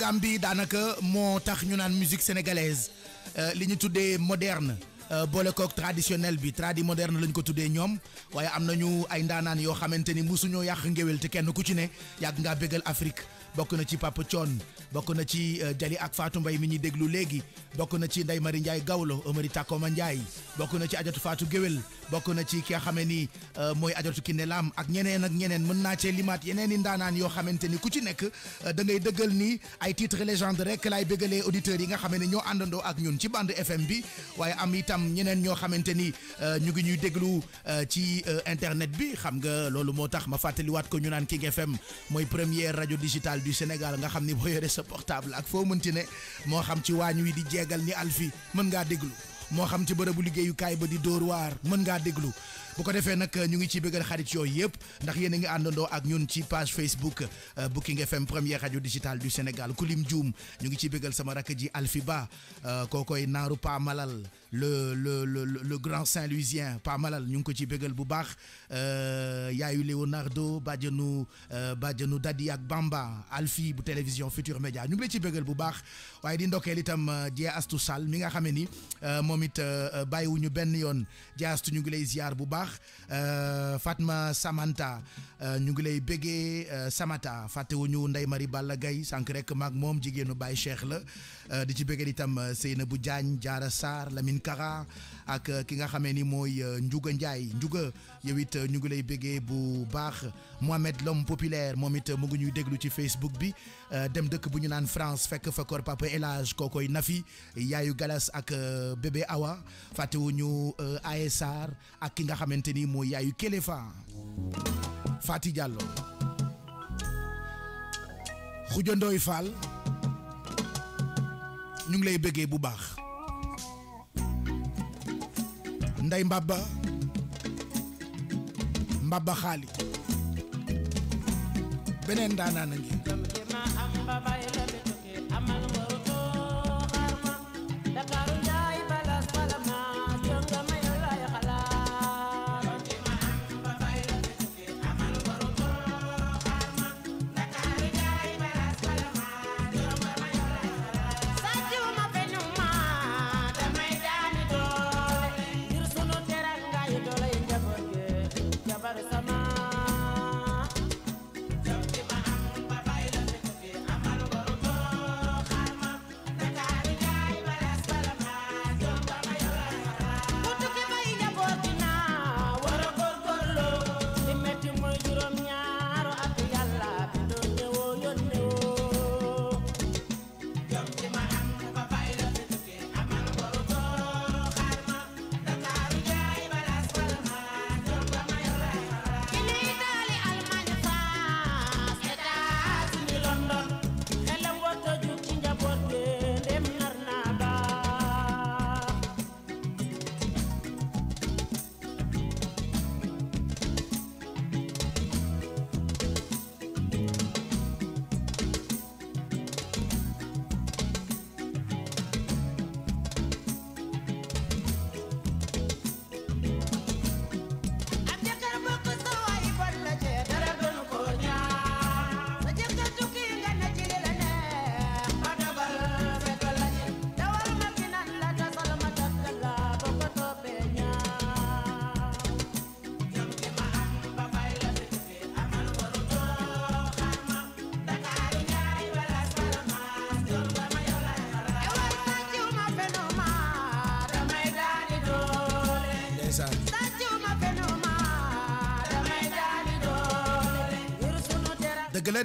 programme bi daanaka moo tax ñu naan musique sénégalaise euh, li ñu tuddee moderne euh, boole kook traditionnel bi tradi moderne lañ ko tuddee ñoom waaye am na ñu ay ndaanaan yoo xamante ni musuñoo yàq ngéwél te kenn ku ci ne yàgg ngaa béggal Afrique bokk na ci Papa Thion bokk na ci euh, Jali ak faatu mbay mi ñuy déglu léegi bokk na ci Ndeye mari Ndiaye Gawlo Omari Takoma Ndiaye bokk na ci Adjatu Fatou Géwél bokk na ci ki nga xamee ni euh, mooy Adjatu Kiné Lam ak ñeneen ak ñeneen mën naa cee limaat yeneen i ndaanaan yoo xamante ni ku ci nekk euh, dangay dëggal ni ay titre légende rek laay bëggalee auditeurs yi nga xamee ne ñoo àndandoo ak ñun ci bande FM bi waaye am itam ñeneen ñoo xamante ni ñu ngi ñuy déglu ci internet bi xam nga loolu moo tax ma fàttaliwaat ko ñu naan King FM mooy première radio digitale du Sénégal nga xam ni boo yore sa portable ak foo mënti ne moo xam ci waañ wi di jeegal ni alfi mën ngaa déglu moo xam ci bërëbu liggéeyukaay ba di dóor waar mën ngaa déglu bu ko defee nag ñu ngi ci bëggal xarit yooyu yëpp ndax yéen a ngi àndandoo ak ñun ci page Facebook euh, Booking FM première radio digitale du Sénégal ku lim juum ñu ngi ci bëggal sama rakk ji Alfi Ba euh, kookoy naaru Pa Malal le le le le grand Saint-Louisien pas Malal ñu ngi ko ci bégal bu euh, Leonardo bàjjanu euh, bàjjanu Dadi Bamba Alfie bu télévision Futur Média ñu ngi la ci bégal bu di euh, Astu sal mi nga xamé ni moom bayiwu ñu benn Astu ñu ngi lay ziar bu Fatma Samantha Euh, ñu ngi lay béggee euh, Samata fàttewuñu Ndeye Marie Balla Gaye sànq rek maag moom jigéenu Baye Cheikh la euh, di ci béggee itam na Seynabou Diagne Diarra Sarr Lamine Kara ak euh, ki nga xamee ni mooy euh, njuga Ndiaye njuga yow it euh, ñu ngi lay bëggee bu baax Mohamed l'homme populaire moom it mu ngi ñuy déglu ci Facebook bi dem dëkk bu ñu naan France fekk fa kor Papa Elage kookoy Nafi yaayu Galas ak bébé Awa fàttewuñu ASR ak ki nga xamante ni mooy yaayu Kéléfa Fati Diallo Xuja Ndoy ñu ngi lay bëggee bu baax nday mbabba mbabba xaali beneen daanaa na ngi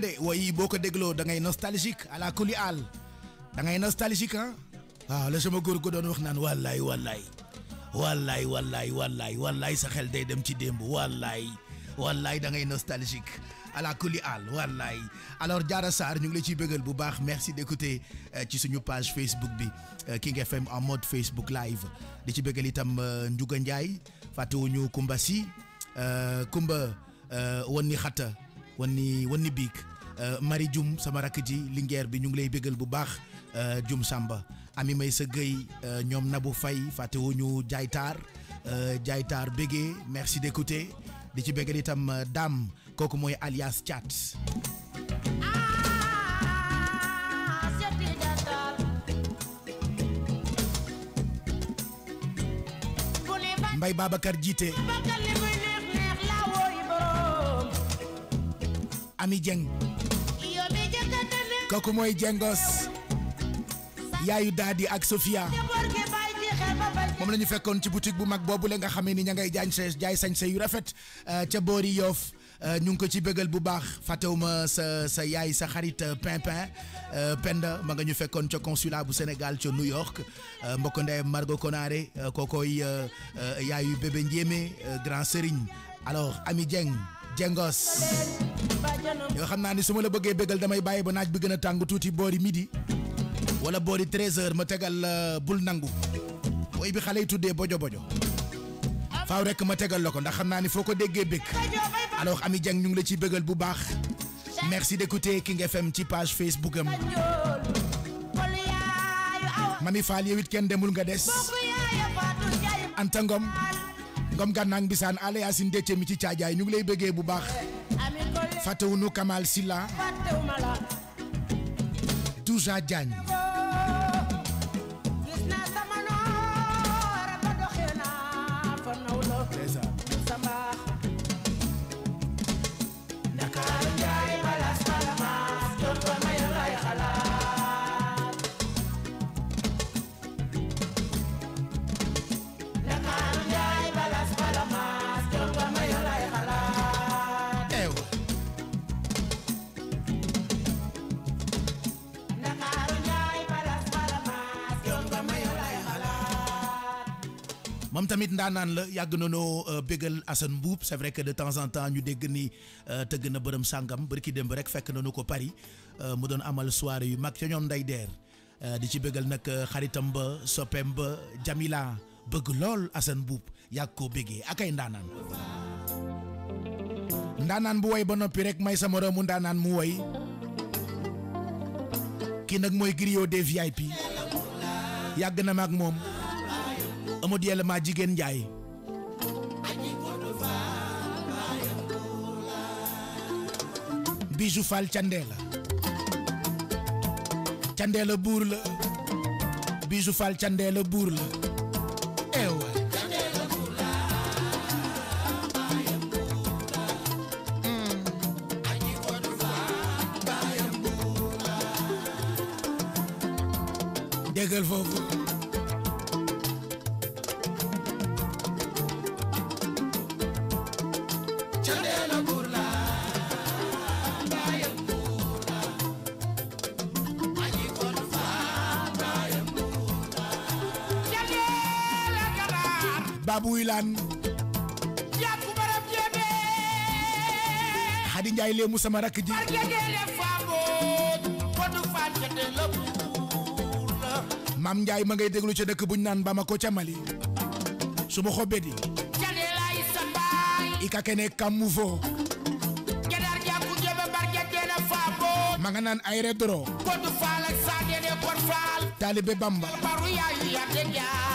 de woy boo ko dégloo da ngay nostalgique ala kuli àll da ngay nostalgique ah waaw la sama góor ko doon wax naan wallaay wallaay wallaay wallaay wallaay wallaay sa xel day dem ci démb wallaay wallaay da ngay nostalgique ala kuli àll wallaay alors Diarra Sarr ñu ngi la ciy bëggal bu baax merci d'écouter euh, ci suñu page Facebook bi euh, King FM en mode Facebook live di ci bëggal itam euh, Ndiouga Ndiaye fàttewuñu Kumba si Kumba won xatta wan ni wan biig euh, Marie Dioum sama rakk ji Linguère bi ñu ngi lay bégal bu baax jum euh, sàmba ami may sa ñoom ñoom Nabou Faye fàttewuñu jaaytaar euh, jaaytaar bégee merci d'écouter di ci bégal itam Dame kooku mooy alias Thiat Mbaye Babacar jiite Ami Dieng kooku mooy jengos yaayu daadi ak Sofia moom lañu fekkoon ci boutique bu mag boobu la nga xamee ni ña ngay jaañ se jaay sañse yu rafet euh, ca boori Yoff euh, ñu ngi ko ci bégal bu baax fatewuma sa sa yaay sa xarit euh, Pimpin pend ma nga ñu fekkoon ca consulat bu senegal ca New York mbokk ndey Margot Konaré kookooy yaayu bébé Ndiémé grand Serigne alors Ami Dieng jengos yoo xam naa ni su ma la bëggee bégal damay bàyyi ba naaj bi gën a tàng tuuti boori midi wala boori 13h ma tegal euh, bul nangu booy bi xale yi tuddee bojo bojo faaw rekk ma tegal la ko ndax xam naa ni foo ko déggee bég alors Ami Dieng ñu ngi la ciy bégal bu baax merci d'écouter King FM ci page Facebook am Mami Fall yow kenn demul nga des Anta Ngom ngom gànnaang bisaan ala yaasin décce mi ci caajaay ñu ngi lay bëggee bu baax fàttewunu Kamal Silla Touja Diagne moom tamit ndaanaan la yàgg na noo euh, bégal Assane Mbuub c'est vrai que de temps en temps ñu dégg ni euh, tëgg na bërëm sàngam bërki démb rek fekk nañu ko Paris euh, mu doon amal soirée yu mag ca ñoom nday deer di ci bégal nag xaritam ba soppeem ba Jamila bëgg lool Assane Mbuub yàgg koo bégee ak ay ndaanaan ndaanaan bu woy ba noppi rek may sa moroomu ndaanaan mu woy kii nag mooy griot des VIP yàgg na maag moom Amadou Yàlla maa jigéen Njaay Bijou Fall Candeela Candeela buur la Bijou Fall Candeela buur la ewa eh hmm. déggal foofu lele mu sama rak ji mam njaay ma ngay déglu ca dëkk buñ ca mali suma xobbe di ika kene kamuvo ma nga naan ay redro bamba baru ya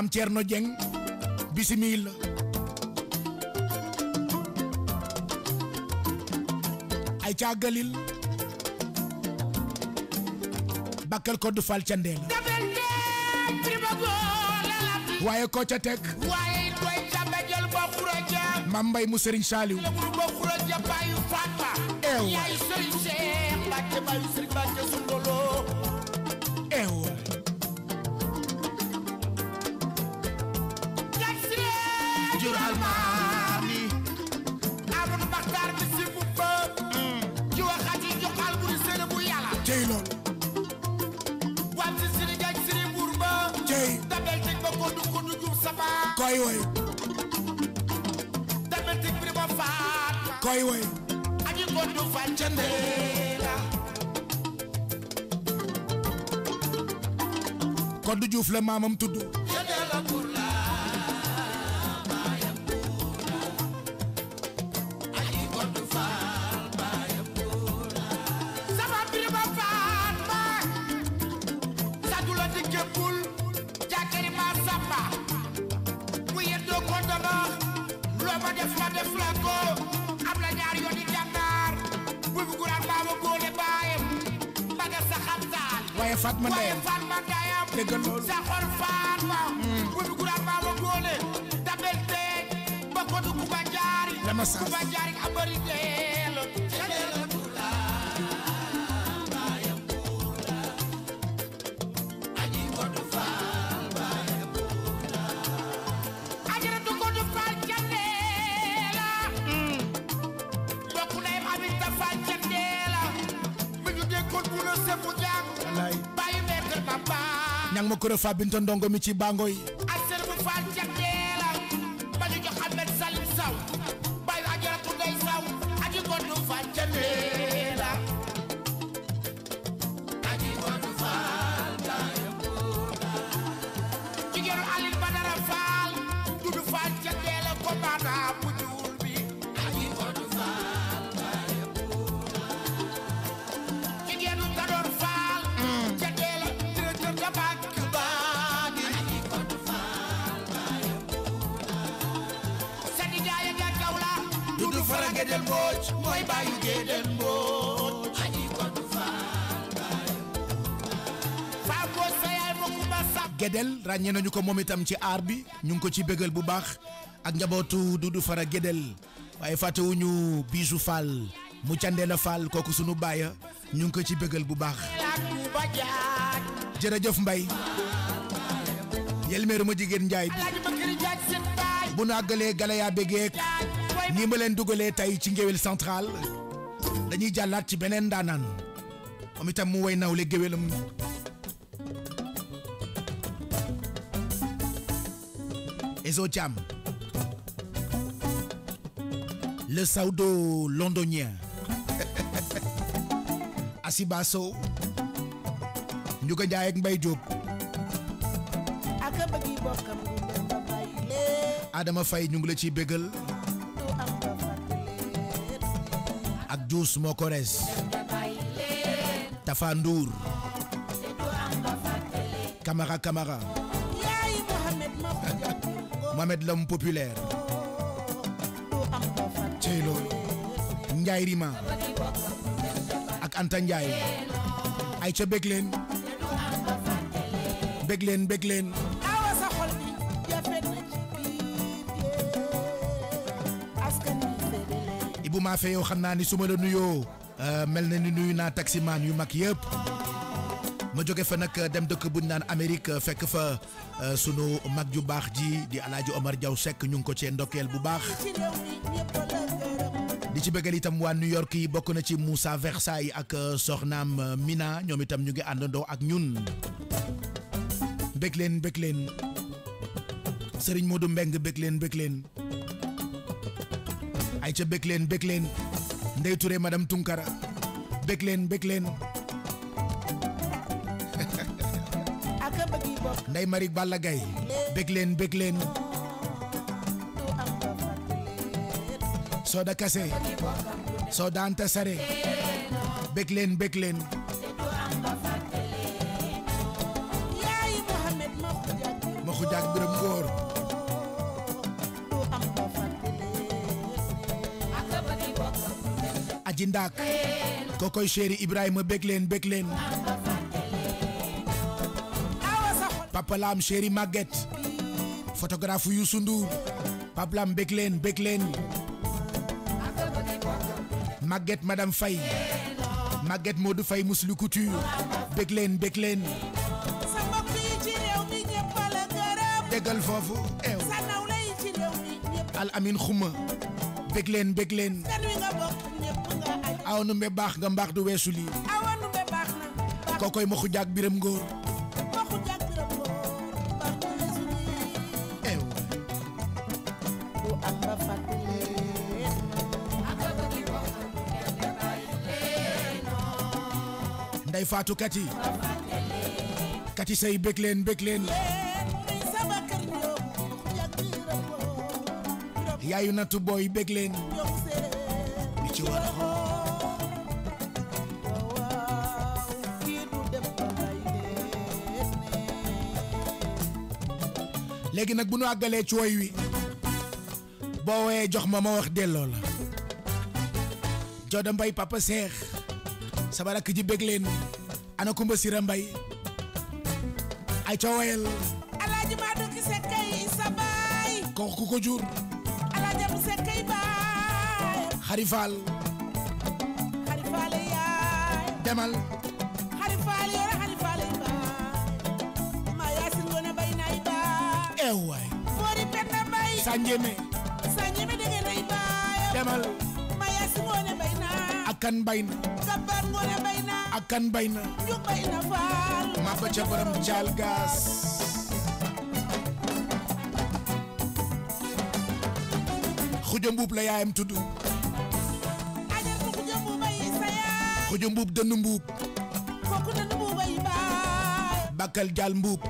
maam Thierno Dieng bisimilah. ay ca galil bakkal ko du fal ca ndeel waaye ko ca teg mam mbay mu sëriñ saaliw eew ay way aji gondu faccande Koddu Juuf la maamam tudd Fatma Ndeye dégg loolu Moustapha Binta Ndongo mi ci bango yi. ak sëriñ bu faal jagleel la ba ñu Gédel ma kumba sàpp Gédel ràññee nañu ko moom itam ci aar bi ñu ngi ko ci bégal bu baax ak njabootu Dudu Fara Gédel waaye fàttewuñu biisu faal mu candeela faal kooku sunu baaya ñu ngi ko ci bégal bu baax jërëjëf mbay yelmeeru ma jigéen njaay bi bu nu àggalee galayaa begeek ni ma leen dugalee tey ci ngéwél central jàllaat ci beneen daanaan moom itam mu way nawle géwélam Ezo Jam le ñu ngi la ciy bégal Diouf moo ko rees Tafa Ndour Camara Camara Mohamed l'homme populaire Rima ak Anta Ndiaye ay ca bég leen bég maa fee yow xam ni suma la nuyo euh na ni nuyu taxi man yu mak yeb ma joge fa nak dem dekk buñ nan amerique fekk fa euh, sunu mag ju bax ji di Alaaji Omar Diaw sek ñu ko ci ndokel bu bax di ci bëggal itam wa New York yi bokku na ci Moussa Versailles ak euh, soxnam euh, Mina ñom itam ñu ngi andando ak ñun bëgg leen Serigne Modou Mbeng bëgg leen ay ca bëgg leen bëgg leen Ndeye Touré madame Tunkara bëgg leen bëgg leen Ndeye Marie Balla Gaye bëgg leen bëgg leen Soda Kase Soda Anta Sare bëgg leen bëgg leen Maxu Jaag Biram Góor ji ndaak kokoy chéri Ibrahima bég leen bég leen Papa Lam chéri Maguette photographe Youssou Ndour Papa Lam bég leen bég leen Maguette madame Faye Maguette Modou Faye Mousli Couture bég leen bég leen déggal foofu ew al amin xuma bég leen bég leen aw nu mbe baax nga mbaax du weesu lii awa nu mbe na biram ngóor maxu jaag biram ngóor mbaax du weesu lii ew du am ba fàtte nday faatu kati say bég leen bég leen yaayu natu booy bég leen bi ci war léegi nag bu nu àggalee ci woy wi boo woyee jox ma ma wax delloo a Joda Mbay papa Seex sama rakk ji bég leen ana Kumba Sira Mbay ay ca woyal alaaji maa dugg sekkay sa kooku ku ko jur alaaji am baay xarifaal xarifaal yaay demal xarifaal yore xarifaal waay foori penda mbay sanjeme sanjeme dege rey baaya demal maya si ngoone bay na akan bay na sabar ngoone bay na akan bay na ñu faal ma ba ca borom caal gaas xuja mbuub la yaayam tudd ajatu xuja mbuubay sa yaay xuja mbuub dënn mbuub fokk dënn mbuubay baay bakkal jaal mbuub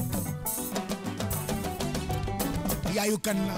yaayu kan la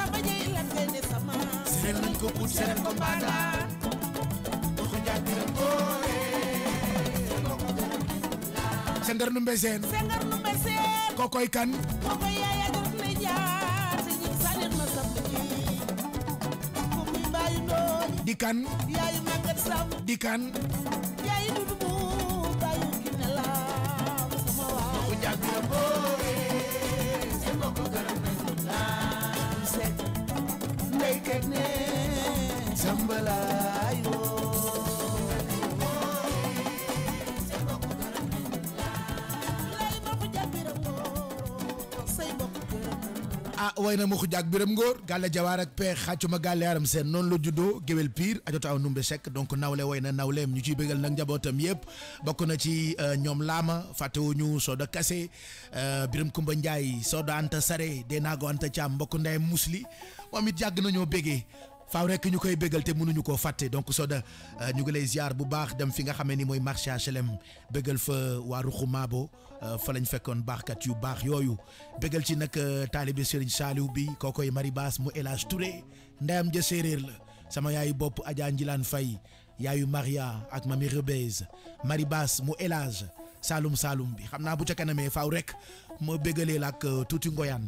sender nu mbesen sender nu mbesen kokoy kan kokoy yaya def na jaar ci salir na sam ni ko mi bayu no dikan yayu iya, magat sam dikan yayu iya, du way na maxu jaak biram ngóor gàlle jawaar ak peex xàccuma gàlle yaram seen noonu la juddoo géwél piir ajota aw numbe sekk donc nawle way na nawleem ñu ci bégal nag njabootam yëpp bokk na ci euh, ñoom laama fàttewuñu Soda Kase euh, biram Kumba Njaay Soda Anta Sare dee naago Anta Caam mbokk ndeyam musli moom it yàgg nañoo bégee faaw rek ñu koy bégal te mënuñu koo fàtte donc Soda euh, ñu ngi lay ziar bu baax dem fi nga xamee ni mooy marché HLM bégal fa waa Ruxu Maabo euh, fa lañ fekkoon baaxkat yu baax yooyu bégal ci nag euh, taalibe Serigne Saliou bi koo koy Mari Baas mu El Hadj Touré ndeyam ja séeréer la sama yaayu bopp Adja Njilaan Faye yaayu mariya ak mami Rebez Mari Baas mu El Hadj Saloum bi xam naa bu ca kanamee faaw rek ma bégalee la ak tuuti ngoyaan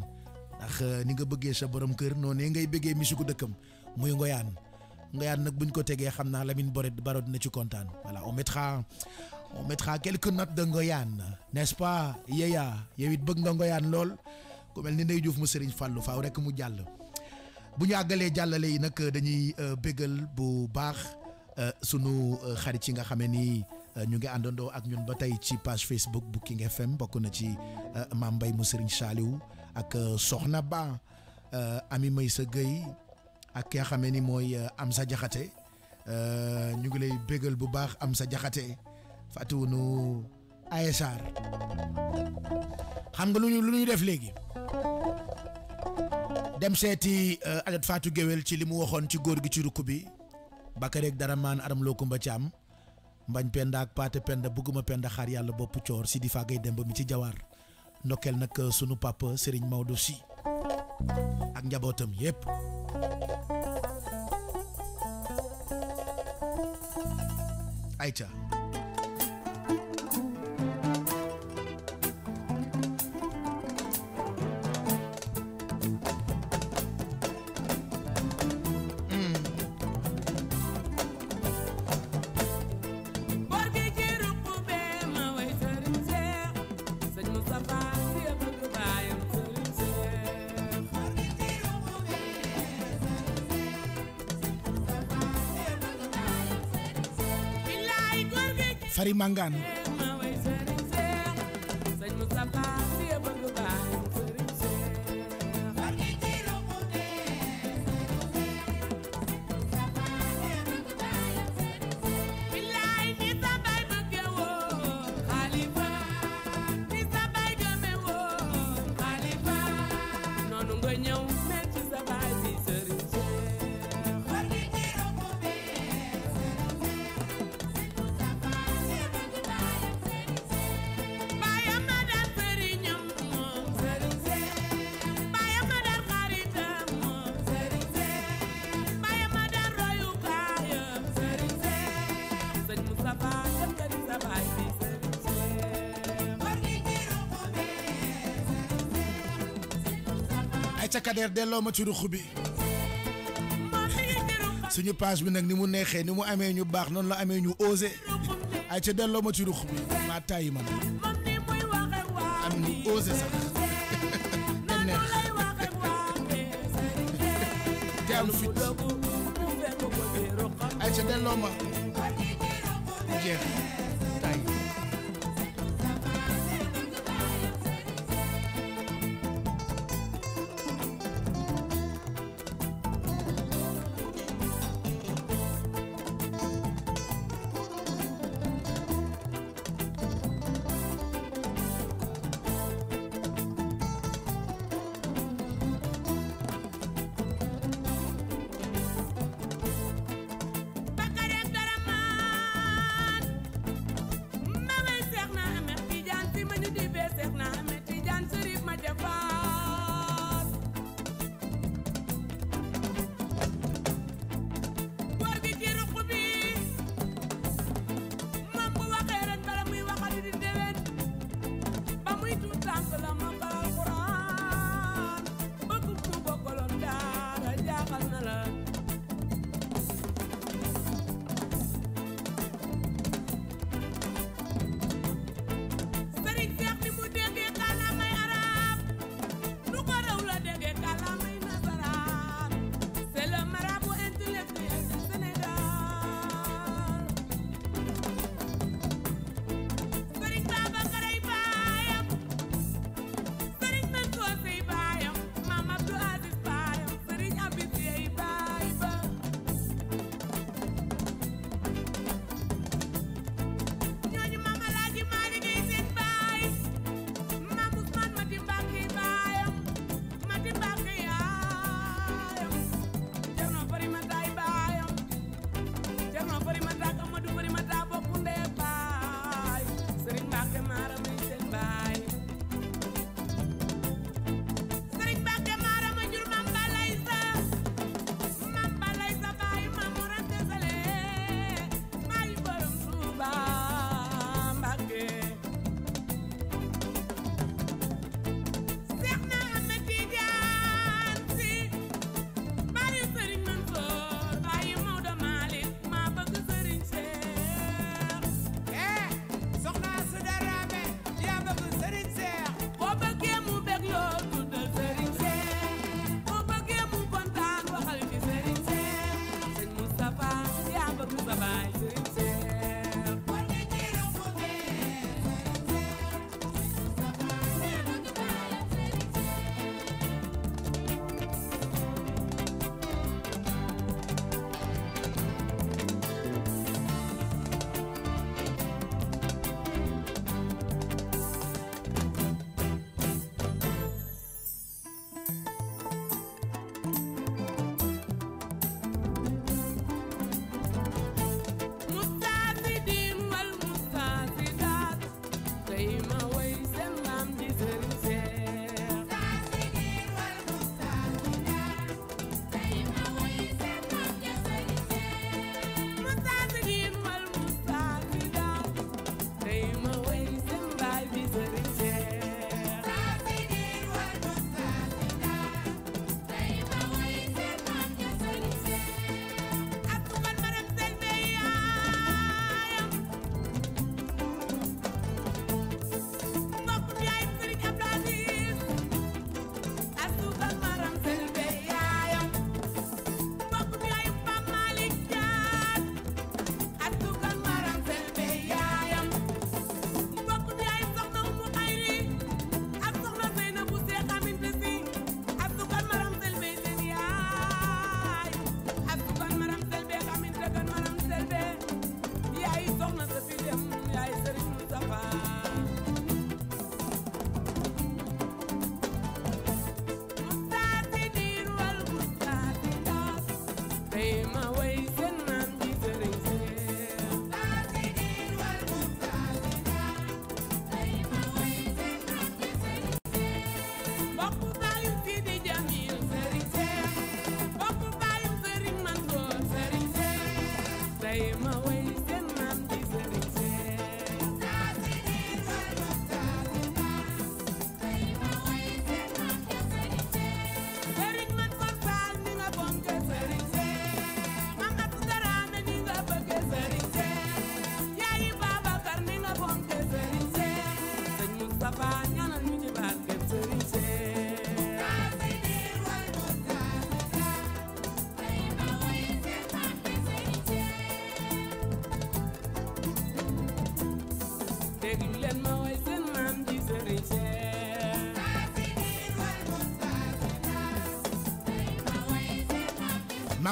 ndax ni nga bëggee sa borom kër noonu ngay bëggee misiku dëkkam. muy ngoyaan ngoyaan nag buñ ko tegee xam naa Lamine Boré Baro dina ci kontaan voilà on mettra on mettra quelques notes de ngoyaan n'est-ce pas Yaya yow bëgg nga ngoyaan lool ku mel ni Ndeye Diouf mu Serigne Fallou faw rek mu jàll bu ñu àggalee jàllale yi nag dañuy euh, bégal bu baax euh, sunu euh, xarit yi nga xamee ni ñu ngi àndandoo ak ñun ba tey ci page Facebook bu King FM bokk na ci Mame Mbaye mu Serigne Saliou ak Soxna Ba Ami may sa Gueye ak ki nga xamee ni mooy euh, Amsa Diakhaté euh, ñu ngi lay bégal bu baax Amsa Diakhaté fàttewunu ASR xam nga lu ñu def léegi dem seeti Aladji euh, fatu Guewel ci li mu ci góor gi ci rukk bi Bakareeg dara aram loo kumba caam mbañ penda ak paate penda buguma penda xaar yàlla bopp coor si di dem ba mi ci jawaar ndokkeel sunu papa Serigne Maodo Sy ak njabootam yépp Aïcha dari acca Kader delloo ma ci ruq bi suñu page bi nag ni mu neexee ni mu amee ñu baax noonu la amee ñu osé ay ca delloo ma ci ruq bi maa tàyyi man am ñu osé sax te neex jaam fit ay ca delloo ma jeex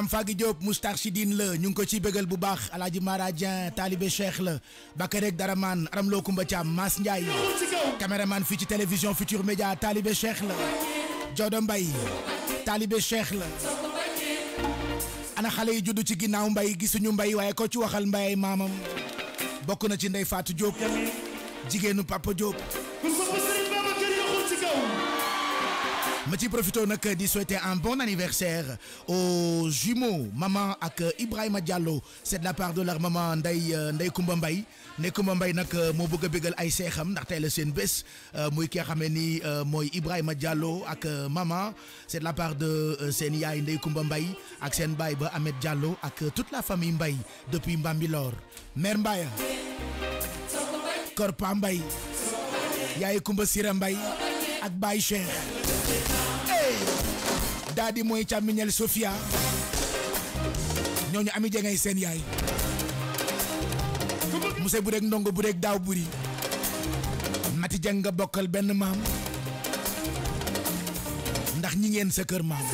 maam Fagui Diop Moustarchidine la ñu ngi ko ciy bëggal bu baax alaaji Mara Dieng taalibe Cheikh la Bakarek Daraman Aram Lo Kumba Thiam Mass Ndiaye caméraman fii ci télévision Futur Média taalibe Cheikh la Jodo Mbaye taalibe Cheikh la ana xale yi judd ci ginnaaw mbay gisuñu mbay waaye ko ci waxal mbay ay maamam bokk na ci nday Fatou Diop jigéenu Papa Diop je profite de souhaiter un bon anniversaire aux jumeaux maman ak Ibrahim Diallo c'est de la part de leur maman Ndeye euh, Ndeye ne ay ndax la Diallo euh, maman c'est de la part de euh, seen yaay Ndeye ak Ahmed Diallo ak toute la famille depuis Mbambilor mère Mbaye Kumba daa di mooy càmmiñel Sofia ñooñu ami jengay seen yaay muse bu rek ndongo bu rek daaw buri mati jeng nga bokkal benn maam ndax ñi ngeen sa kër maam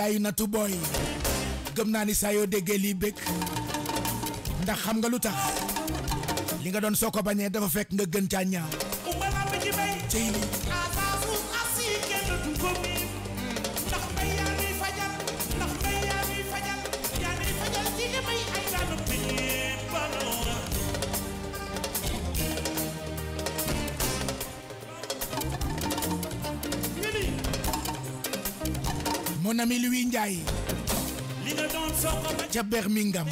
njaayu natu booy gëm naa ni saa yoo déggee lii bëgg ndax xam nga lu tax li nga doon soo ko bañee dafa fekk nga gën caa ñaaw Nami Louis Ndiaye ca Birmingham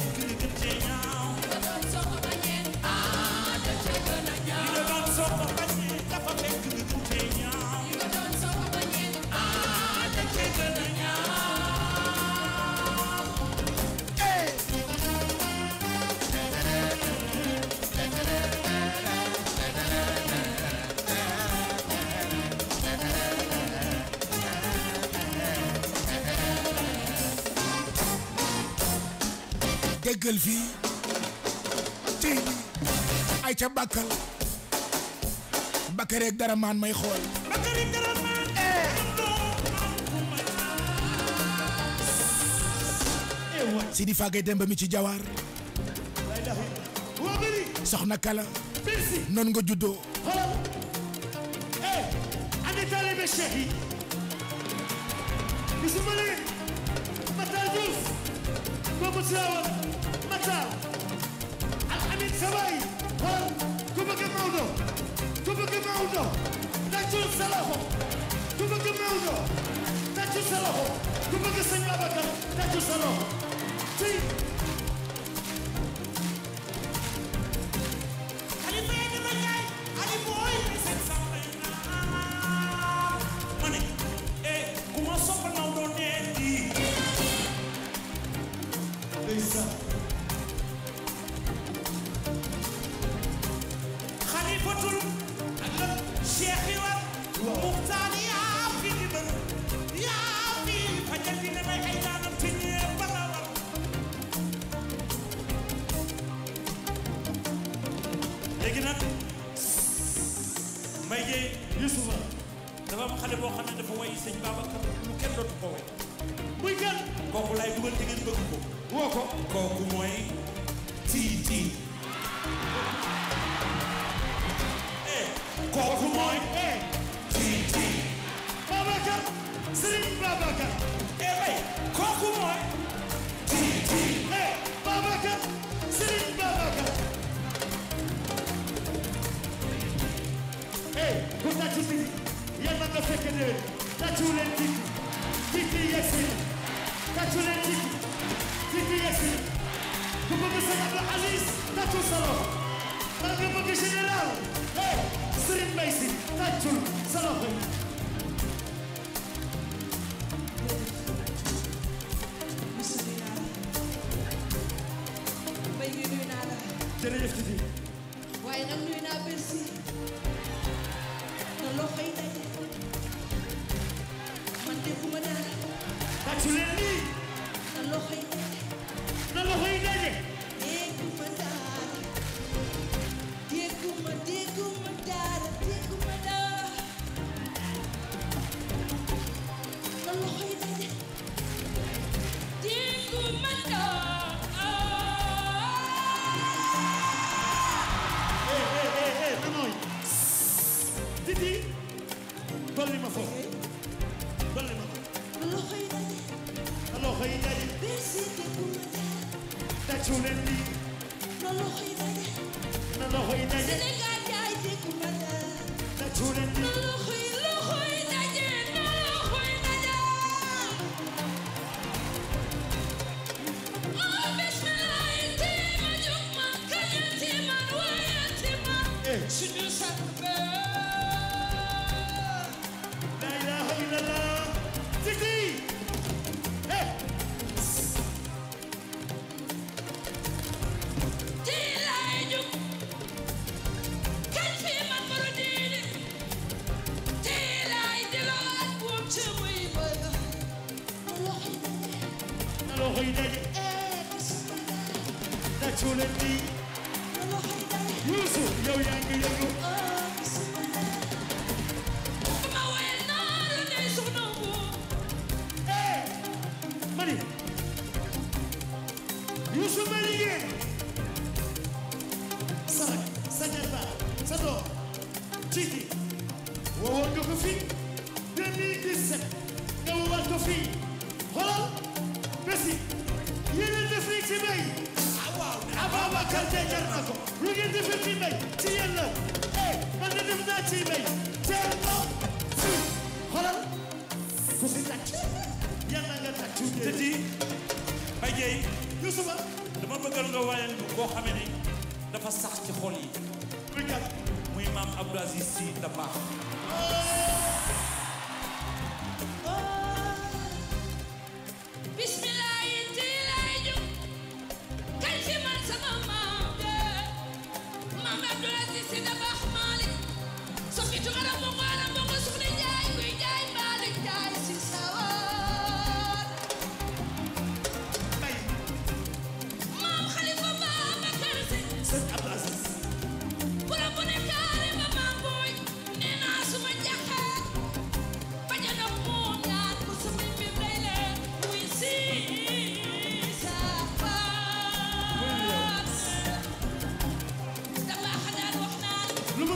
bakal fi tey ay ca bakkal bakkareeg dara man may xool bakkareeg dara maan eh. eh, Sidi Fagay Demba mi ci jawar soxna kala non nga juddoo eh, ane taalibe cheikh yi bismillah batajus Diouf boobu sa loxo ku bëgg sëñ Babacar tàccu sa loxo 我们。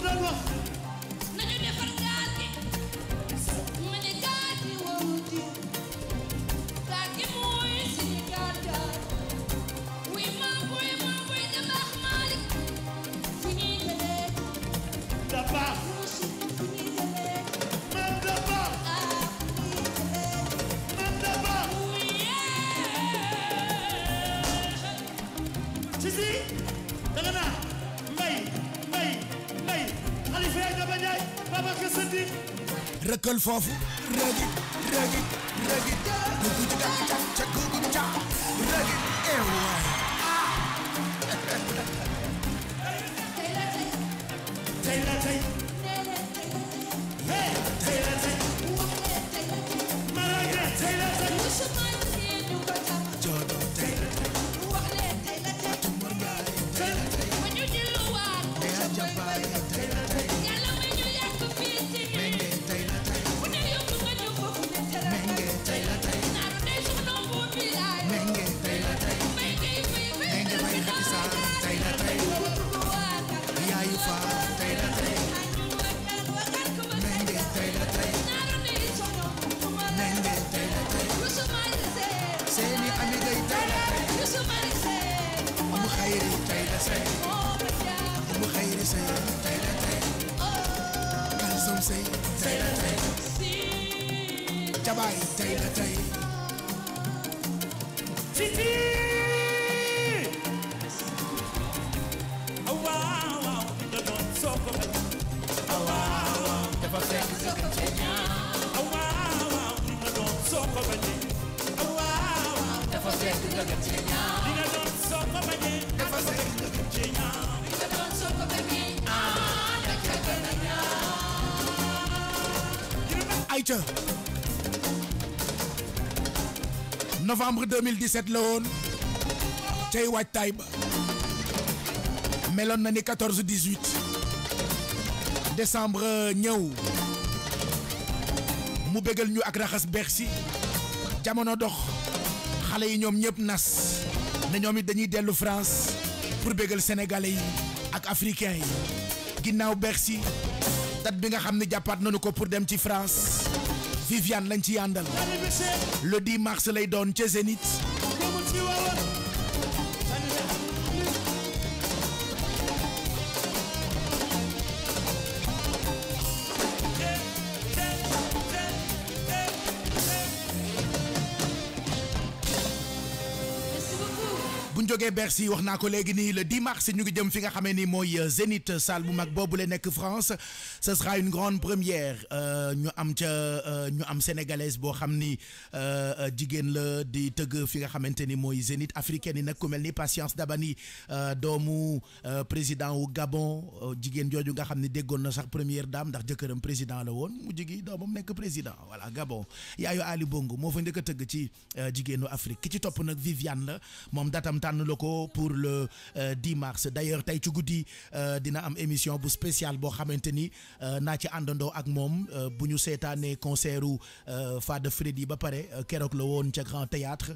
なります dëkkal foofu novembre 2017 la Jay tey waajtaay ba meloon ni 14 18 décembre euh, ñëw mu bégal ñu ak raxas bersi jamono dox xale yi nas na ñoom dañuy dellu France pour bégal sénégalais yi ak africains yi ginnaaw Dat date bi nga xam ne nañu ko pour dem ci France Viviane lañ ci yàndal le 10 mars lay doon ca jógee Bercy waxna naa ko léegi nii le 10 mars ñu ngi jëm fi nga xamé ni moy euh, Zénith salle bu mag bobu le nek France ce sera une grande première euh ñu am ca euh, ñu am sénégalaise bo xamni euh jigéen la di teug fi nga xamante ni mooy Zénith africaine nak ku melni Patience Dabani euh doomu euh, président wu Gabon jigéen jooju nga xamni déggon na sax première dame ndax jëkkëram président la won mu jigi doomam nek président voilà Gabon yaayu Ali Bongo mo fa njëkk teug ci jigéenu Afrique ki ci top nak Viviane la mom datam tan locaux pour le 10 euh, mars d'ailleurs tay ci euh, dina am émission bu spéciale Bo xamanteni euh, na Andando ci andando ak mom bu ñu seetaanee concertu de Freddy ba paré kérok le won ci Grand Théâtre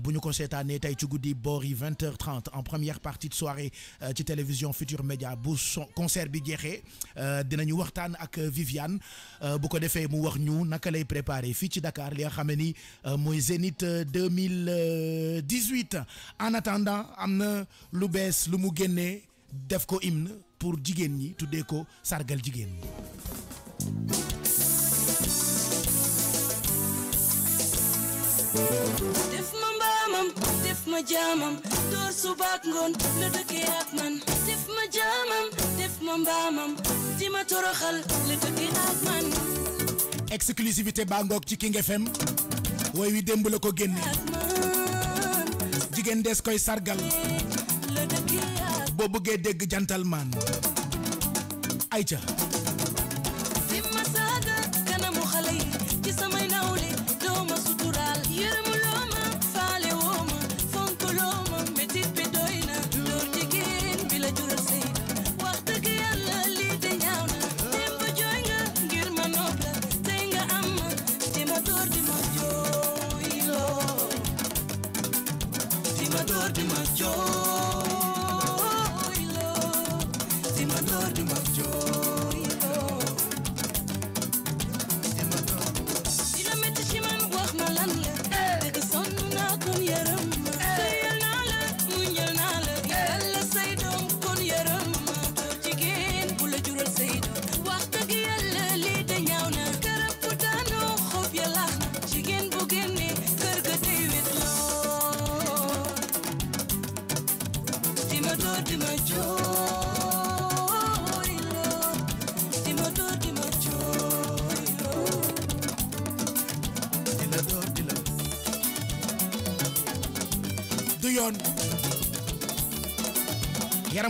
bu ñu ko seetaanee tey ci 20h30 en première partie de soirée ci télévision Futur Média bu concert bi jeexee dinañu waxtaan ak Viviane bu ko défé mu wax ñu naka lay préparer fii ci Dakar li nga ni moy Zénith 2018 en attendant cependant am na lu bees lu mu génnee def ko hymne pour jigéen ñi tuddee ko sargal jigéen ñi def ko génne jigéen dees koy sargal boo bëggee dégg jantal maan ca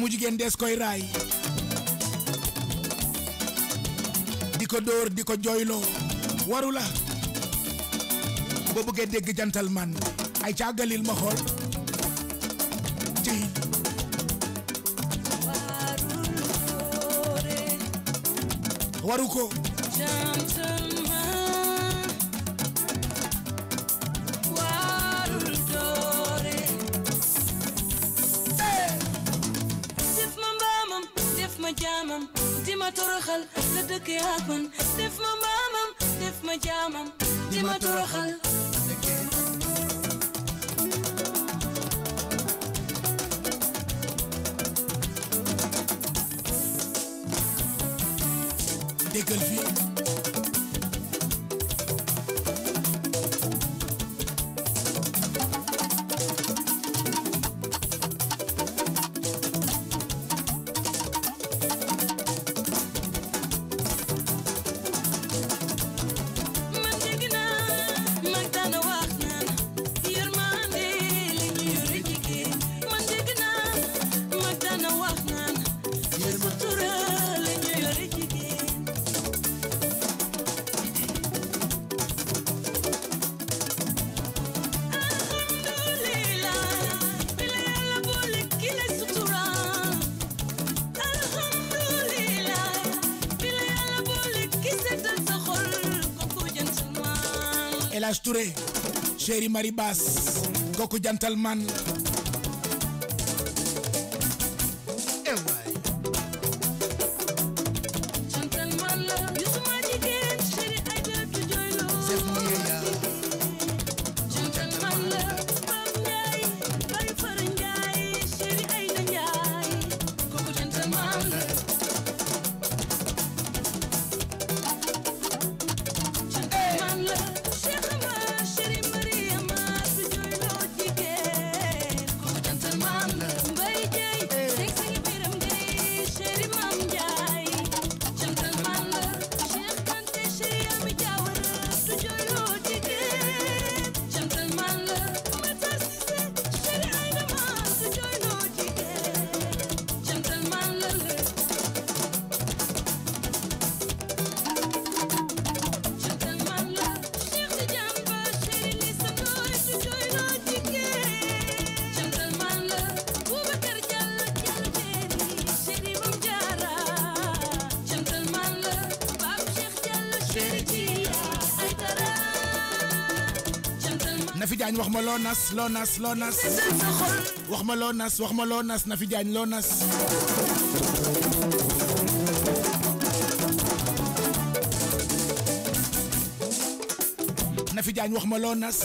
taamu jigéen raay di ko dóor di ko jooyloo waru la boo bëggee dégg gentleman ay càggalil ma xool waru ko Elage Touré chéri Marie Bass kooku jantal man loo nas loo nas wax ma loo nas wax ma loo nas na fi jaañ loo nas na fi jaañ wax ma loo nas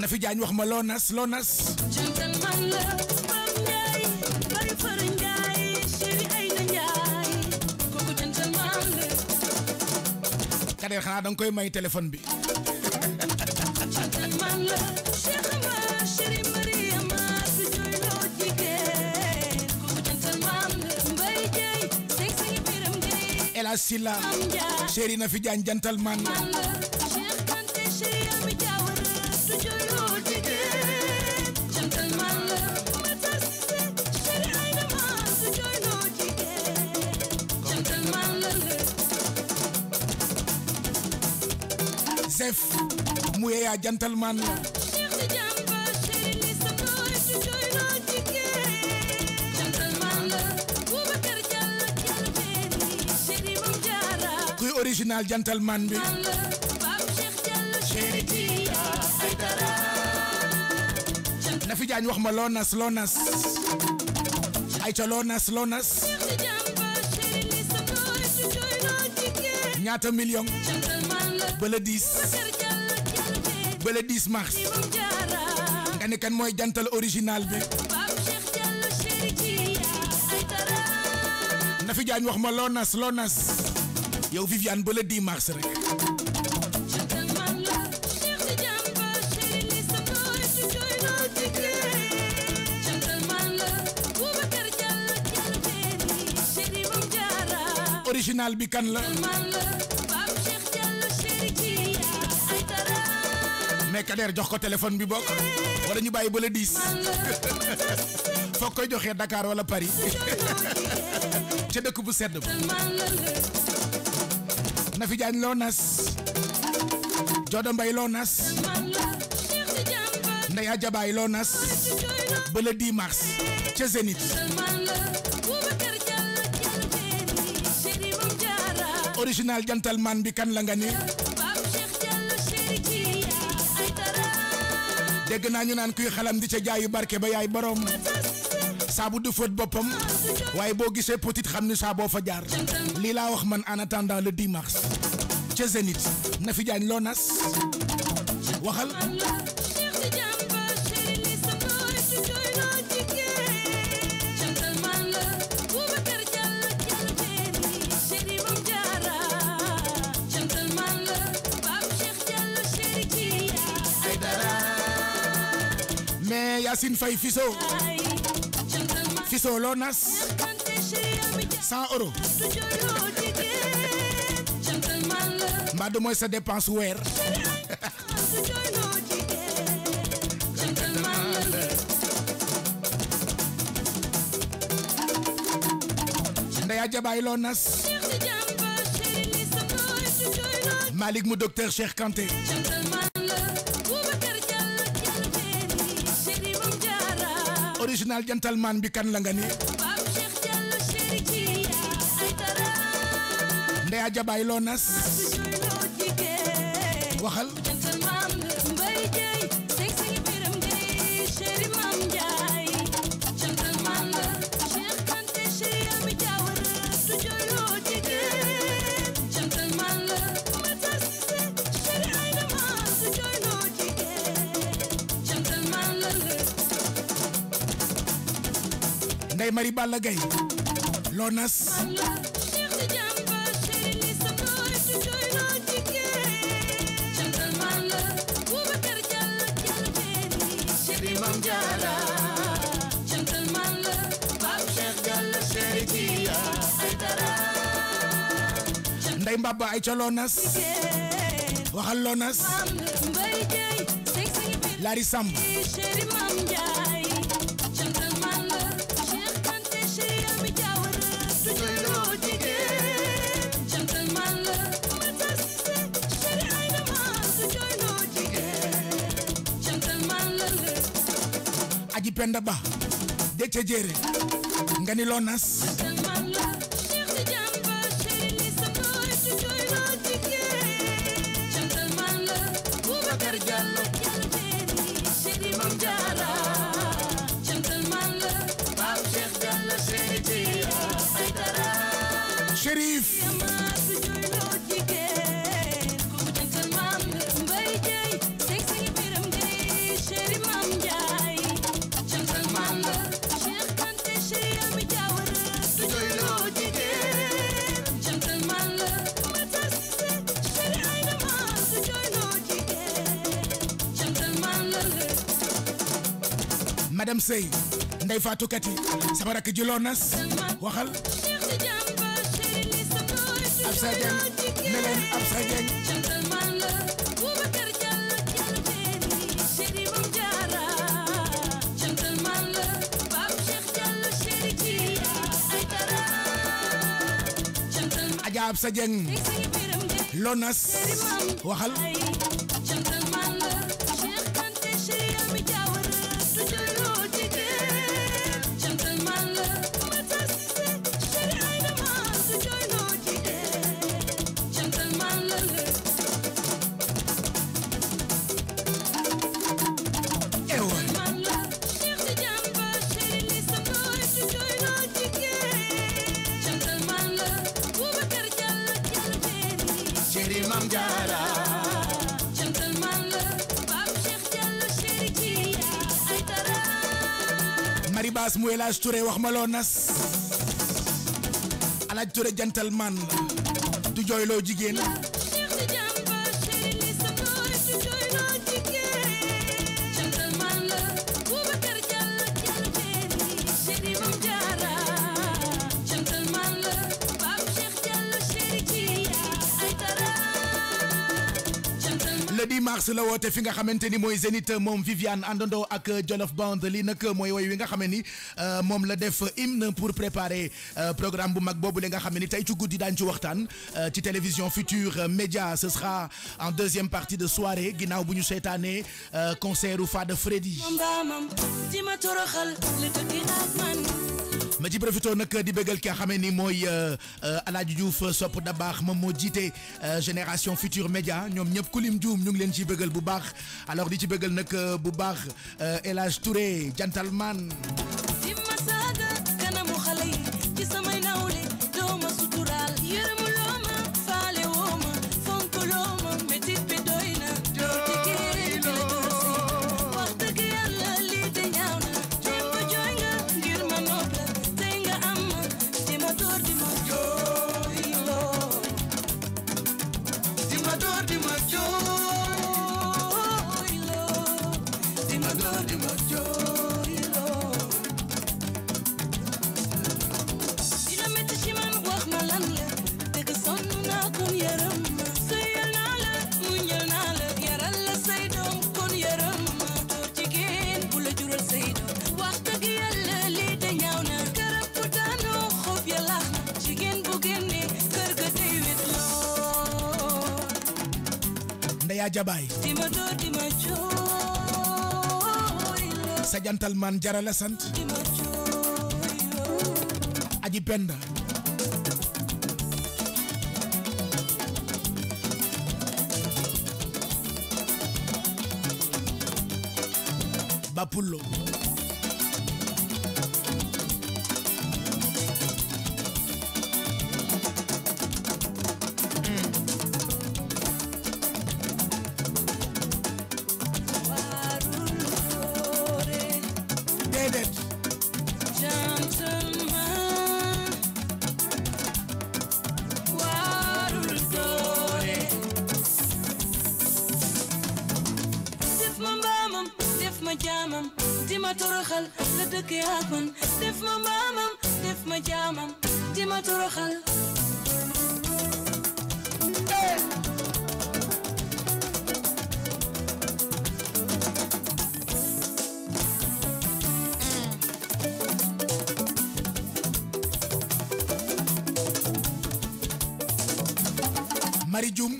na fi jaañ wax ma loo nas loo nas Kader xanaa danga koy may téléphone bi. El Hadj Silla. Chéri na fi jaan jantal man la. mu yeeyaa gentleman kuy original gentleman bi na fi jaañ wax ma loo nas loo nas ayca loo nas loo nas ñaata million bala 10 fële 10 mars nga ne kan mooy jantal original bi na fi jaañ wax ma loo nas loo nas yow Viviane ba le 10 mars rek original bi kan la ne jox ko téléphone bi bokk wala ñu bàyyi ba le 10 foog koy joxee Dakar wala Paris ca dëkk bu sedd ba na fi jaañ loo nas Jodo Mbay loo nas Ndeya Jabaay loo mars ca Zénith original gentleman bi kan la dégg naa ñu naan kuy xalam di ca jaayu barke ba yaay borom saabu du fóot boppam waaye boo gisee potit xam ni saa boo fa jaar lii laa wax man en attendant le 10 mars ca Zénith na fi jaañ loo nas waxal Yacine Faye Fiso Fiso loo nas 100 euros mbaa du mooy sa dépense weer Ndeya Jabaay docteur Cheikh Kanté original gentleman bi kan la nga ni ndeya jabaay loo nas waxal Ndiaye Marie Balla Gaye Lonas nday mbaba ay ca Lonas waxal Lonas Lari Samb Penda Ba Déthié Diéré nga ni loo nas Chérif am sëy faatu kati sama rakk ji loo nas waxal ab sa jeng ne leen ab sa jeng aja ab sa jeng loo nas waxal gentleman le dimanche mars la woote fi nga moy Zénith Viviane andondo ak Band li nak euh, mom la def hymne pour préparer euh, programme bu mag bobu la nga xamni tay ci goudi dañ ci waxtaan euh, ci télévision Futur Média ce sera en deuxième partie de soirée ginaaw buñu sétané seetaanee concert ou Fada Freddy. ma ci profité nak di bégal ki nga xamee ni mooy Alaaji Diouf sopp da bax moom mo jité génération Futur Média ñom ñep kulim djoum ñu ngi len ci bégal bu bax alors di ci bégal nak bu baax El Touré Gentleman jaajabaay sa jantal man jarala sant aji penda ba pullo Marie Dioum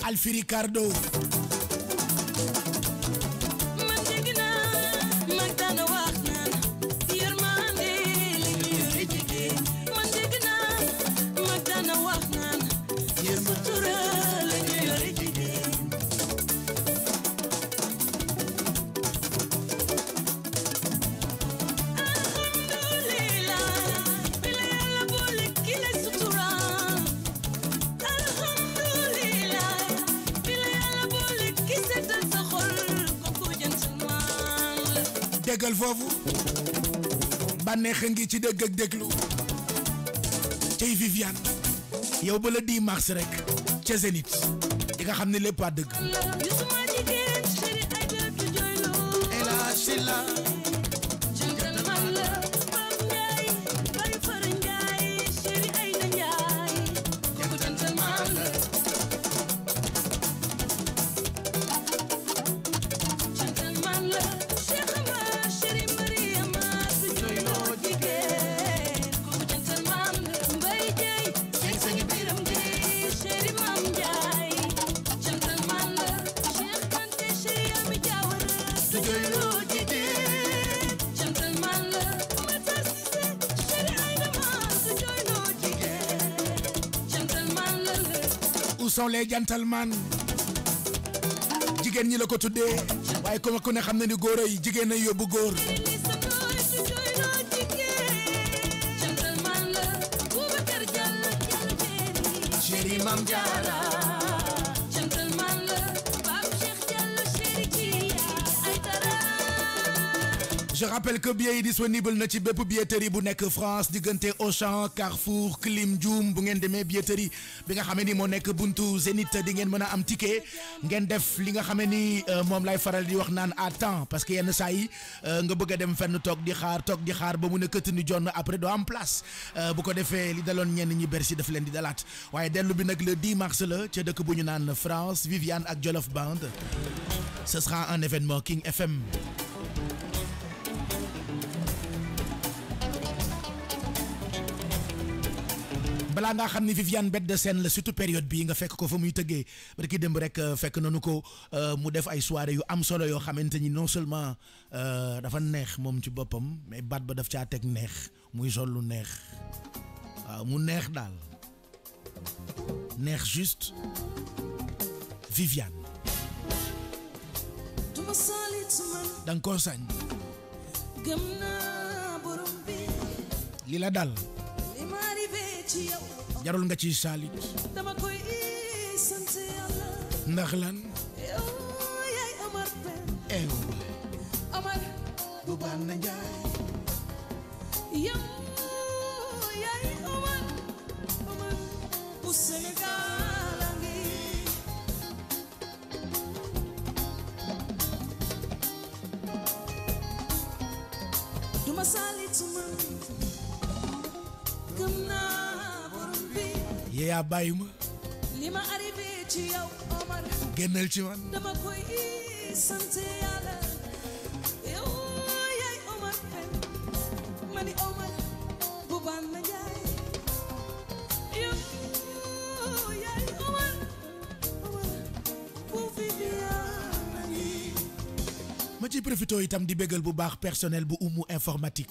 Alfi Ricardo neex a ngi ci dégg ak déglu cey Viviane yow ba le 10 mars rek ca Zénith di nga xam ne lépp a dëgg les gentleman jigéen ñi la ko tuddee waaye comme ku ne xam na ni góor ay jigéen ay yóbbu góor chéri Mame Diarra gentleman la Pape Cheikh Diallo chéri Kya Aïdara je rappelle que billet yi disponible na ci bépp billetterie bu nekk France diggante Auchan Carrefour Klim Djoum bu ngeen demee billetterie bi nga xamee ni moo nekk buntu Zénith di ngeen mën a am ticket ngeen def li nga xamee ni euh, moom lay faral di wax naan à temps parce que yenn saa euh, nga bëgg dem fenn toog di xaar toog di xaar ba mun a këtt ni jonn après doo am euh, bu ko defee li daloon ñenn ñi Bercy daf leen di dalaat waaye dellu bi nag le 10 mars la ca dëkk bu ñu naan France Viviane ak Jolof Band ce sera un événement King FM balaa ngaa xam ni Viviane bête de scène la surtout période bii nga fekk ko fa muy tëggee ba ki démb rek euh, fekk nanu ko euh, mu def ay soirée yu am solo yoo xamante ni non seulement euh, dafa neex moom ci boppam mais baat ba def caa teg neex muy sol lu neex waaw mu neex daal neex juste Viviane danga koo sañ li la dal jarul nga ciy saalit ndax lan eew eh, amar bu baan na njaay yow yaay Omar Omar bu Sénégal a duma saalit man gëm arrivé à bàyyi arrivé personnel informatique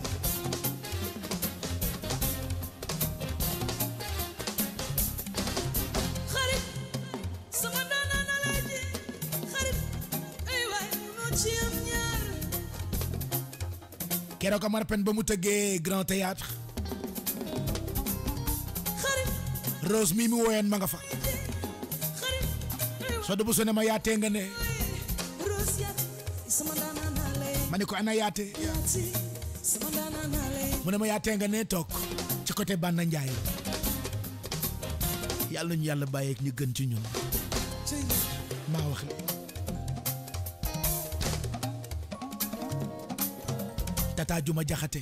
keroog Omar Pène ba mu tëggee grand théâtre Rose mii mu woyoon ma nga fa soo de bu soo ne ma yaatee nga ne ma ne ko ana yaate mu ne ma yaatee nga ne toog ci côté Banda Ndiaye yàlla ñu yàlla bàyyeeg ñu gën ci ñun maa wax li tata juma jaxate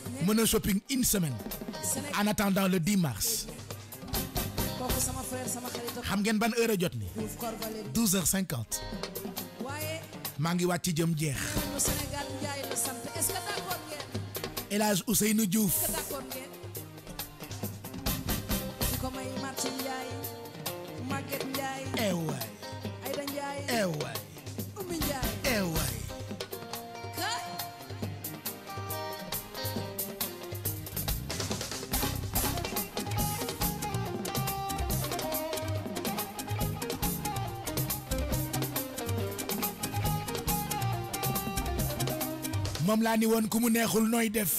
Mono Shopping une semaine en attendant le 10 mars ban heure 12h50 Mangi ngi wàcc jëm jeex El Diouf eh eh moom laa ni woon ku mu neexul nooy def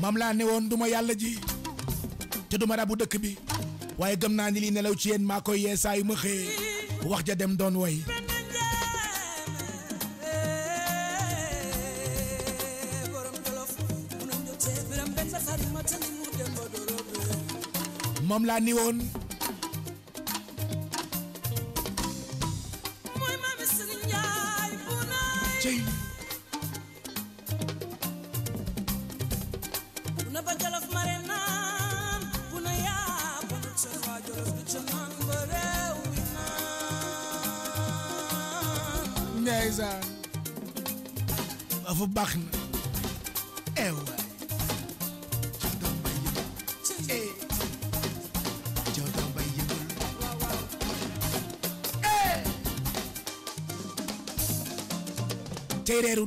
moom laa ne woon duma yàlla ji te duma rabu dëkk bi waaye gëm naa ni li nelaw ci yéen maa koy yee yu ma xëyee wax ja dem doon woy moom laa ni woon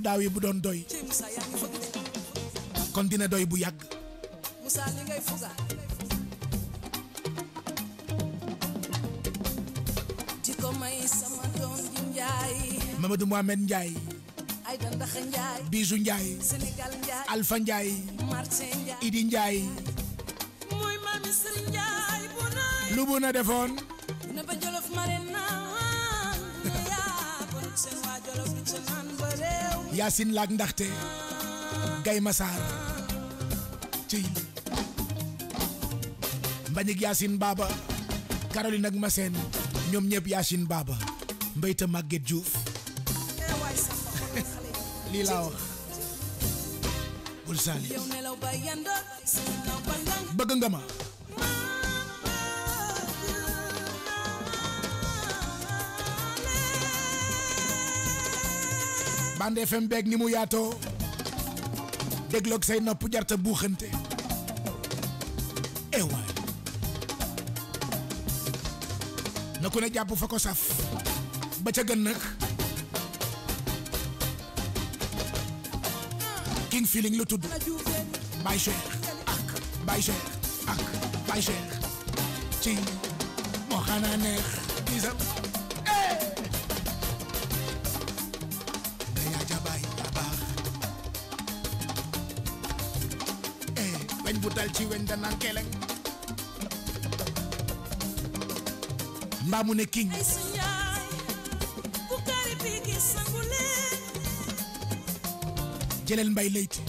daaw bu doon doy kon dina doy bu yàgg Mamadou Mohamed Ndiaye Bijou Ndiaye Alpha Ndiaye Idi Ndiaye lu bu na defoon yaasin laak ndaxte gay masaar ciy mbañik yaasin baaba Caroline ak Massène ñoom ñëpp yaasin baaba mbayta Maguette Diouf bëgg nga ma Band FM beg ni mu yaatoo dégloog say nopp jarta buuxante ewaay eh na ku ne jàpp fa ko saf ba ca gën king feeling lu tudd Baye ak Baye ak Baye Cheikh ci mo ci weñ danaan keleng mbaa mu ne king jëleel mbay layti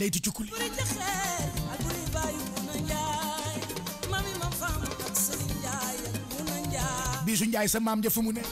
layti cukkuli biisu njaay sa maam ja fu mu ne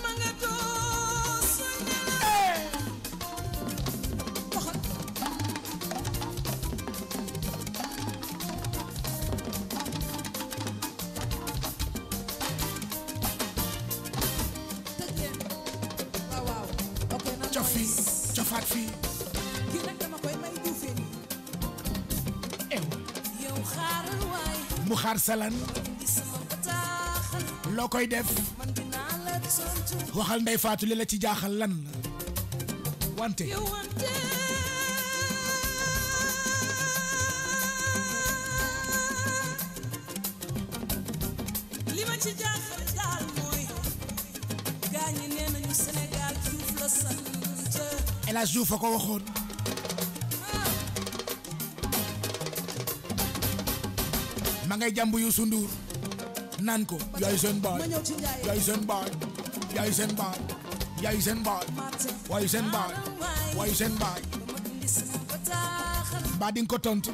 salan loo koy def waxal nday fatou li la ci jaxal lan wante Elle Hadj Diouf a ko waxoon ma ngay jàmb Youssou Ndour naan ko yaay seen baay yaay seen baay yaay seen baay yaay seen baay waay seen baay waay seen baay mbaa di nga ko tontu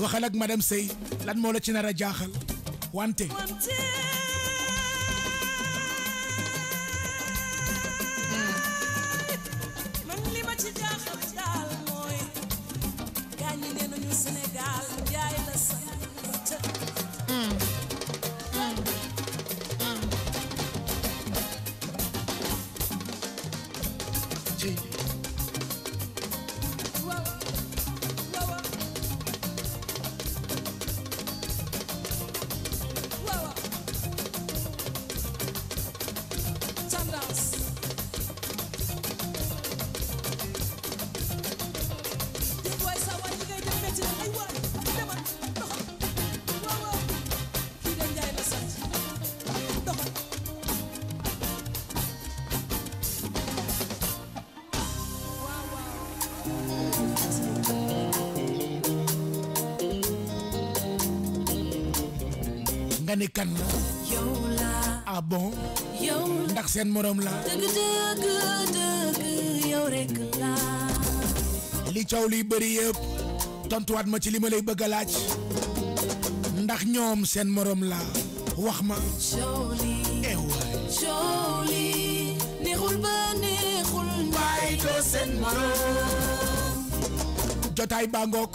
waxal ak madame Sey lan moo la ci nar a jaaxal wante kan la ah ndax seen morom la li coow liy bëri yëpp tontuwaat ma ci li ma lay bëgg a laaj ndax ñoom seen morom la wax ma eh jotaay baa ngoog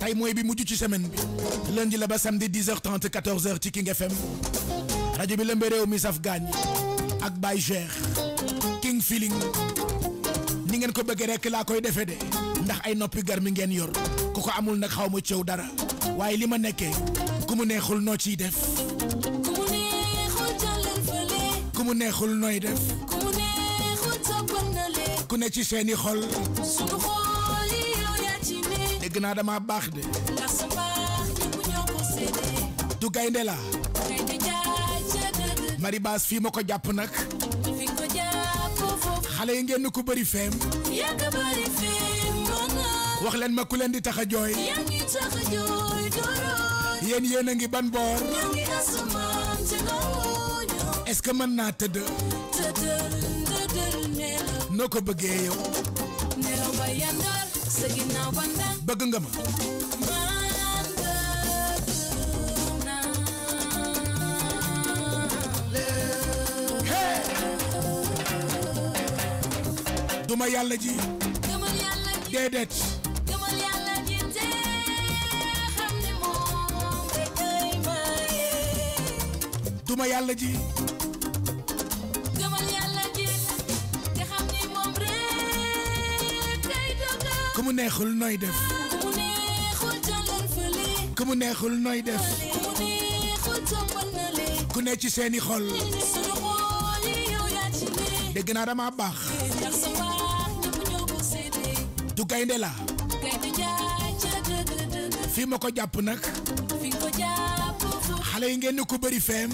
tey mooy bi mujj ci semaine bi lundi la ba samedi 10h30 14h ci King FM rajo bi lëmbe réew mi saf gaañ ak Baye Cheikh King Feeling ni ngeen ko bëggee rek laa koy defee de ndax ay noppi gar mi ngeen yor ku ko amul nag xaw ma cëw dara waaye li ma nekkee ku mu neexul noo ciy def ku mu neexul nooy def ku ne ci seeni xol dégg naa damaa baax de Abdou Gaynde la Maribaas fii ma ko jàpp nag xale yi ngeen ko bëri feem wax leen ma ku leen di tax a jooy yéen yéen a ngi ban boor est-ce que mën naa tëdd noo ko bëggee yow bëgg nga ma gëma yàlla ji déedéet duma yàlla ji ku mu neexul nooy def ku mu neexul nooy def ku ne ci seeni xol dégg naa dama baax nitu gaynde la fii ma ko jàpp nag xale yi ngeen ni ku bëri feem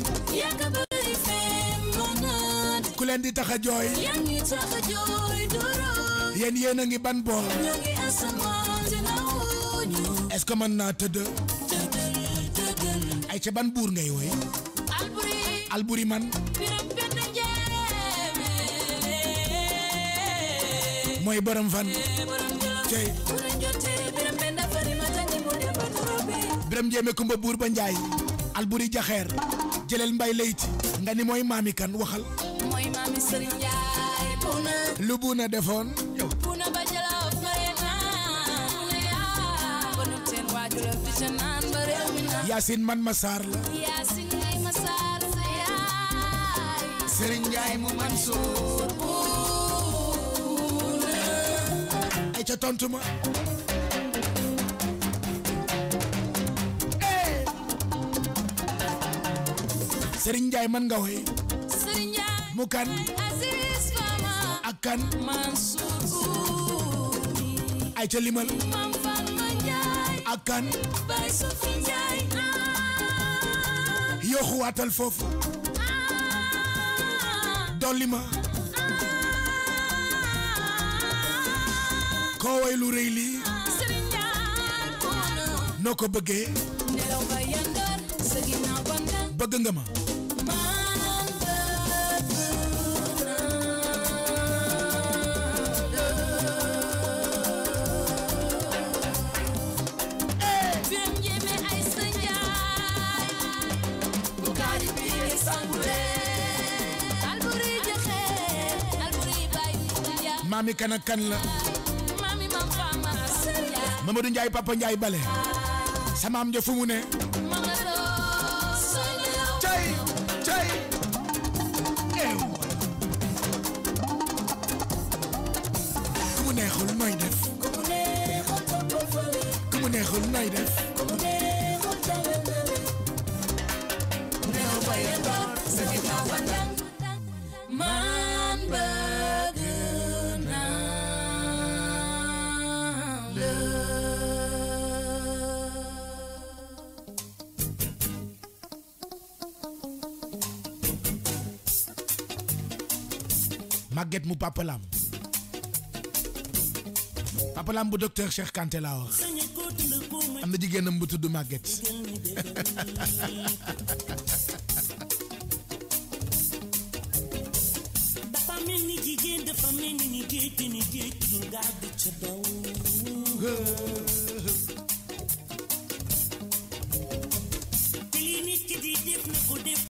ku leen di ngi ban bo. est-ce que mën naa tëdd ay ban buur ngay woy alburi man Moy borom fan biram jéeme kumba buur ba njaay alburi jaxeer jëleel mbay layti nga ni mooy maami kan waxal mooy maami sëriñ njaay lu buuna defoon buuna ba jëloof yaasin man ma la yaasin ngay ma saar sa mu man ca tontu ma Serigne Ndiaye man nga woy Serigne mu kan Aziz Fama ak kan Mansour ay ca limal Mam Fatma Ndiaye ak kan Baye Sophie Ndiaye yoxu waatal foofu ah. dolli koo way lu rëy lii noo ko bëggee bëgg nga ma maami kan ak kan la Mamadou Ndiaye papa Ndiaye bale samaam ja fu ne mu papalam papalam bu docteur Cheikh Kanté laa wax am bu tudd Maguette